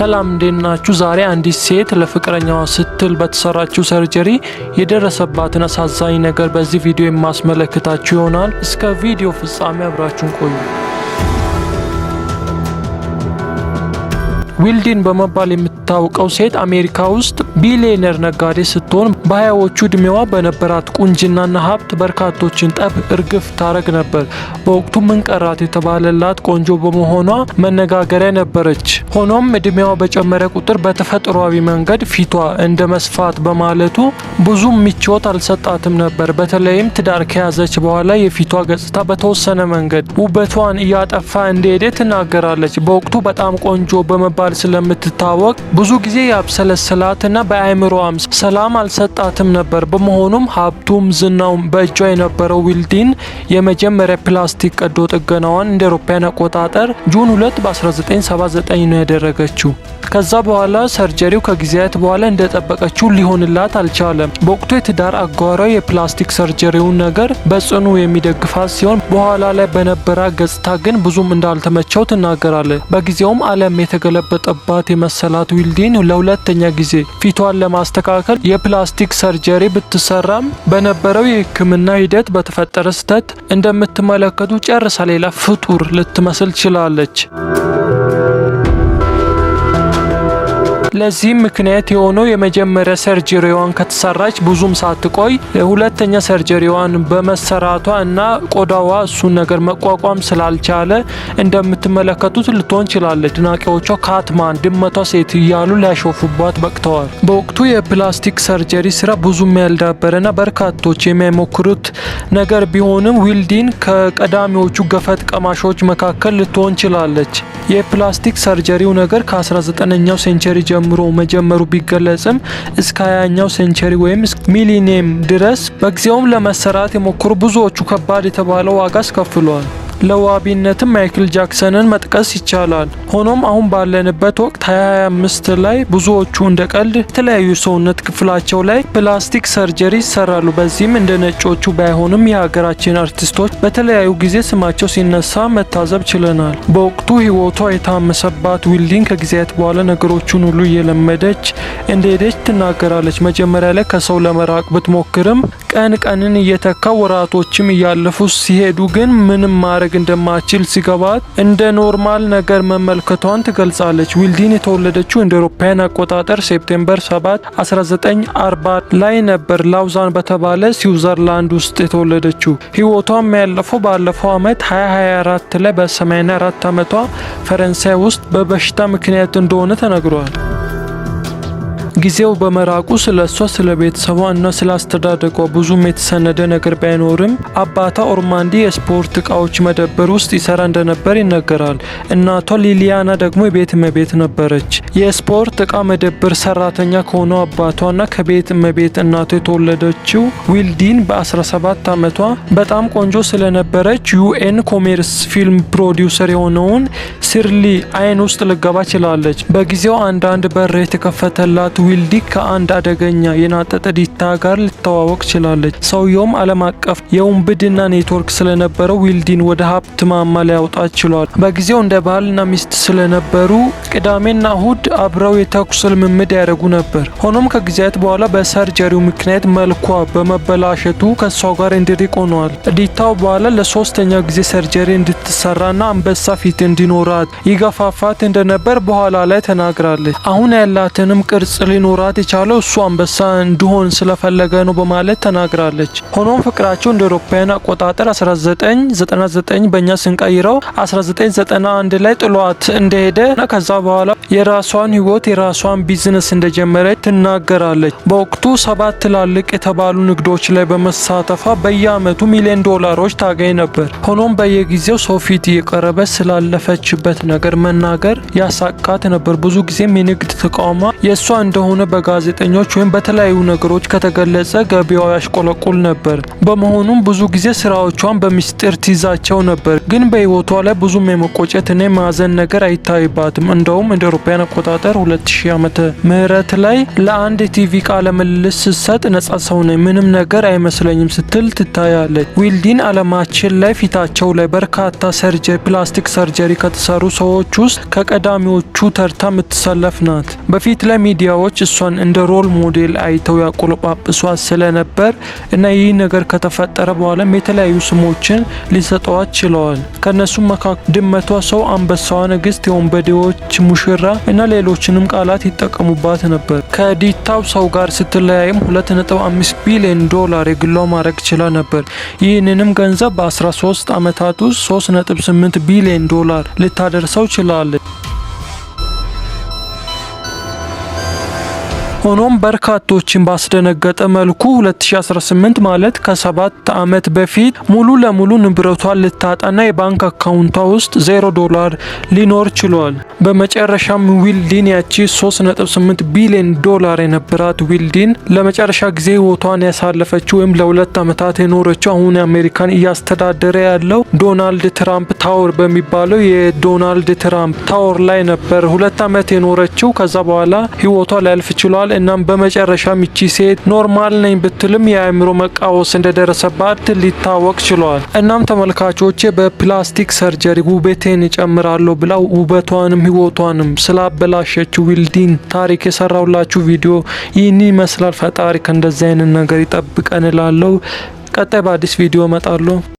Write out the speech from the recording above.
ሰላም እንዴት ናችሁ? ዛሬ አንዲት ሴት ለፍቅረኛዋ ስትል በተሰራችው ሰርጀሪ የደረሰባትን አሳዛኝ ነገር በዚህ ቪዲዮ የማስመለከታችሁ ይሆናል። እስከ ቪዲዮ ፍጻሜ አብራችሁን ቆዩ። ዊልዲን በመባል የምትታወቀው ሴት አሜሪካ ውስጥ ቢሊዮነር ነጋዴ ስትሆን በሀያዎቹ እድሜዋ በነበራት ቁንጅናና ሀብት በርካቶችን ጠብ እርግፍ ታረግ ነበር። በወቅቱ ምንቀራት የተባለላት ቆንጆ በመሆኗ መነጋገሪያ ነበረች። ሆኖም እድሜዋ በጨመረ ቁጥር በተፈጥሯዊ መንገድ ፊቷ እንደ መስፋት በማለቱ ብዙ ምቾት አልሰጣትም ነበር። በተለይም ትዳር ከያዘች በኋላ የፊቷ ገጽታ በተወሰነ መንገድ ውበቷን እያጠፋ እንደሄደ ትናገራለች። በወቅቱ በጣም ቆንጆ በመባል ስለምትታወቅ ብዙ ጊዜ ያብሰለስላትና በአእምሮዋም ሰላም አልሰጣ ወጣትም ነበር። በመሆኑም ሀብቱም ዝናውም በእጇ የነበረው ዊልዲን የመጀመሪያ ፕላስቲክ ቀዶ ጥገናዋን እንደ አውሮፓውያን አቆጣጠር ጁን 2 በ1979 ነው ያደረገችው። ከዛ በኋላ ሰርጀሪው ከጊዜያት በኋላ እንደጠበቀችው ሊሆንላት አልቻለም። በወቅቱ የትዳር አጓሯ የፕላስቲክ ሰርጀሪውን ነገር በጽኑ የሚደግፋት ሲሆን በኋላ ላይ በነበረ ገጽታ ግን ብዙም እንዳልተመቸው ትናገራለች። በጊዜውም ዓለም የተገለበጠባት የመሰላት ዊልዲን ለሁለተኛ ጊዜ ፊቷን ለማስተካከል የፕላስቲክ ፕላስቲክ ሰርጀሪ ብትሰራም በነበረው የህክምና ሂደት በተፈጠረ ስህተት እንደምትመለከቱ ጨርሳ ሌላ ፍጡር ልትመስል ችላለች። ለዚህም ምክንያት የሆነው የመጀመሪያ ሰርጀሪዋን ከተሰራች ብዙም ሳትቆይ ሁለተኛ ሰርጀሪዋን በመሰራቷ እና ቆዳዋ እሱን ነገር መቋቋም ስላልቻለ እንደምትመለከቱት ልትሆን ችላለች። አድናቂዎቿ ካትማን ድመቷ ሴት እያሉ ሊያሾፉባት በቅተዋል። በወቅቱ የፕላስቲክ ሰርጀሪ ስራ ብዙም ያልዳበረና በርካቶች የሚያሞክሩት ነገር ቢሆንም ዊልዲን ከቀዳሚዎቹ ገፈት ቀማሾች መካከል ልትሆን ችላለች። የፕላስቲክ ሰርጀሪው ነገር ከ19ኛው ሴንቸሪ ጀምሮ መጀመሩ ቢገለጽም እስከ 20ኛው ሴንቸሪ ወይም ሚሊኒየም ድረስ በጊዜውም ለመሰራት የሞከሩ ብዙዎቹ ከባድ የተባለ ዋጋ አስከፍሏል። ለዋቢነት ማይክል ጃክሰንን መጥቀስ ይቻላል። ሆኖም አሁን ባለንበት ወቅት 2025 ላይ ብዙዎቹ እንደ ቀልድ የተለያዩ ሰውነት ክፍላቸው ላይ ፕላስቲክ ሰርጀሪ ይሰራሉ። በዚህም እንደ ነጮቹ ባይሆንም የሀገራችን አርቲስቶች በተለያዩ ጊዜ ስማቸው ሲነሳ መታዘብ ችለናል። በወቅቱ ህይወቷ የታመሰባት ዊልዲን ከጊዜያት በኋላ ነገሮቹን ሁሉ እየለመደች እንደሄደች ትናገራለች። መጀመሪያ ላይ ከሰው ለመራቅ ብትሞክርም ቀን ቀንን እየተካው ወራቶችም እያለፉ ሲሄዱ ግን ምንም ማድረግ እንደማችል ሲገባት እንደ ኖርማል ነገር መመልከቷን ትገልጻለች። ዊልዲን የተወለደችው እንደ ኤሮፓያን አቆጣጠር ሴፕቴምበር 7 1940 ላይ ነበር ላውዛን በተባለ ስዊዘርላንድ ውስጥ የተወለደችው። ህይወቷም ያለፈው ባለፈው ዓመት 2024 ላይ በ84 ዓመቷ ፈረንሳይ ውስጥ በበሽታ ምክንያት እንደሆነ ተነግሯል። ጊዜው በመራቁ ስለ እሷ ስለ ቤተሰቧ እና ስለ አስተዳደጓ ብዙም የተሰነደ ነገር ባይኖርም አባቷ ኦርማንዲ የስፖርት እቃዎች መደብር ውስጥ ይሰራ እንደነበር ይነገራል። እናቷ ሊሊያና ደግሞ የቤት እመቤት ነበረች። የስፖርት እቃ መደብር ሰራተኛ ከሆነው አባቷና ከቤት እመቤት እናቷ የተወለደችው ዊልዲን በ17 ዓመቷ በጣም ቆንጆ ስለነበረች ዩኤን ኮሜርስ ፊልም ፕሮዲውሰር የሆነውን ሲርሊ አይን ውስጥ ልገባ ችላለች። በጊዜው አንዳንድ በር የተከፈተላት ዊልዲ ከአንድ አደገኛ የናጠጠ ዲታ ጋር ልተዋወቅ ችላለች። ሰውየውም ዓለም አቀፍ የውንብድና ኔትወርክ ስለነበረው ዊልዲን ወደ ሀብት ማማ ሊያውጣ ችሏል። በጊዜው እንደ ባልና ሚስት ስለነበሩ ቅዳሜና እሁድ አብረው የተኩስ ልምምድ ያደርጉ ነበር። ሆኖም ከጊዜያት በኋላ በሰርጀሪው ምክንያት መልኳ በመበላሸቱ ከእሷ ጋር እንዲርቅ ሆኗል። ዲታው በኋላ ለሶስተኛ ጊዜ ሰርጀሪ እንድትሰራና አንበሳ ፊት እንዲኖራል ሰዓት ይገፋፋት እንደነበር በኋላ ላይ ተናግራለች። አሁን ያላትንም ቅርጽ ሊኖራት የቻለው እሱ አንበሳ እንዲሆን ስለፈለገ ነው በማለት ተናግራለች። ሆኖም ፍቅራቸው እንደ አውሮፓውያን አቆጣጠር 1999 በእኛ ስንቀይረው 1991 ላይ ጥሏት እንደሄደ እና ከዛ በኋላ የራሷን ህይወት የራሷን ቢዝነስ እንደጀመረች ትናገራለች። በወቅቱ ሰባት ትላልቅ የተባሉ ንግዶች ላይ በመሳተፋ በየአመቱ ሚሊዮን ዶላሮች ታገኝ ነበር። ሆኖም በየጊዜው ሰው ፊት እየቀረበ ስላለፈችበት ያለበት ነገር መናገር ያሳቃት ነበር። ብዙ ጊዜም የንግድ ተቋማ የእሷ እንደሆነ በጋዜጠኞች ወይም በተለያዩ ነገሮች ከተገለጸ ገቢዋ ያሽቆለቁል ነበር። በመሆኑም ብዙ ጊዜ ስራዎቿን በሚስጢር ትይዛቸው ነበር። ግን በህይወቷ ላይ ብዙም የመቆጨትና የማዘን ነገር አይታይባትም። እንደውም እንደ አውሮፓውያን አቆጣጠር 2000 ዓመተ ምህረት ላይ ለአንድ ቲቪ ቃለ ምልልስ ስትሰጥ ነጻ ሰው ነኝ፣ ምንም ነገር አይመስለኝም ስትል ትታያለች። ዊልዲን አለማችን ላይ ፊታቸው ላይ በርካታ ሰርጀሪ ፕላስቲክ ሰርጀሪ ከተሰሩ ከተጣሩ ሰዎች ውስጥ ከቀዳሚዎቹ ተርታ የምትሰለፍ ናት። በፊት ለሚዲያዎች እሷን እንደ ሮል ሞዴል አይተው ያቆለጳጵሷት ስለነበር እና ይህ ነገር ከተፈጠረ በኋላም የተለያዩ ስሞችን ሊሰጠዋት ችለዋል። ከእነሱም መካከል ድመቷ ሰው፣ አንበሳዋ ንግስት፣ የወንበዴዎች ሙሽራ እና ሌሎችንም ቃላት ይጠቀሙባት ነበር። ከዲታው ሰው ጋር ስትለያይም 2.5 ቢሊዮን ዶላር የግሏ ማድረግ ችላ ነበር። ይህንንም ገንዘብ በ13 ዓመታት ውስጥ 3.8 ቢሊዮን ዶላር ልታ ልታደርሰው ችላለች። ሆኖም በርካቶችን ባስደነገጠ መልኩ 2018 ማለት ከሰባት ዓመት በፊት ሙሉ ለሙሉ ንብረቷን ልታጣና የባንክ አካውንቷ ውስጥ ዜሮ ዶላር ሊኖር ችሏል። በመጨረሻም ዊልዲን ያቺ 3.8 ቢሊዮን ዶላር የነበራት ዊልዲን ለመጨረሻ ጊዜ ህይወቷን ያሳለፈችው ወይም ለሁለት ዓመታት የኖረችው አሁን አሜሪካን እያስተዳደረ ያለው ዶናልድ ትራምፕ ታወር በሚባለው የዶናልድ ትራምፕ ታወር ላይ ነበር ሁለት ዓመት የኖረችው። ከዛ በኋላ ህይወቷ ሊያልፍ ችሏል። ተደርጓል። እናም በመጨረሻም ይቺ ሴት ኖርማል ነኝ ብትልም የአእምሮ መቃወስ እንደደረሰባት ሊታወቅ ችሏል። እናም ተመልካቾች በፕላስቲክ ሰርጀሪ ውበቴን እጨምራለሁ ብላ ውበቷንም ህይወቷንም ስላበላሸችው ዊልዲን ታሪክ የሰራውላችሁ ቪዲዮ ይህን ይመስላል። ፈጣሪ ከእንደዚህ አይነት ነገር ይጠብቀን እላለሁ። ቀጣይ በአዲስ ቪዲዮ እመጣለሁ።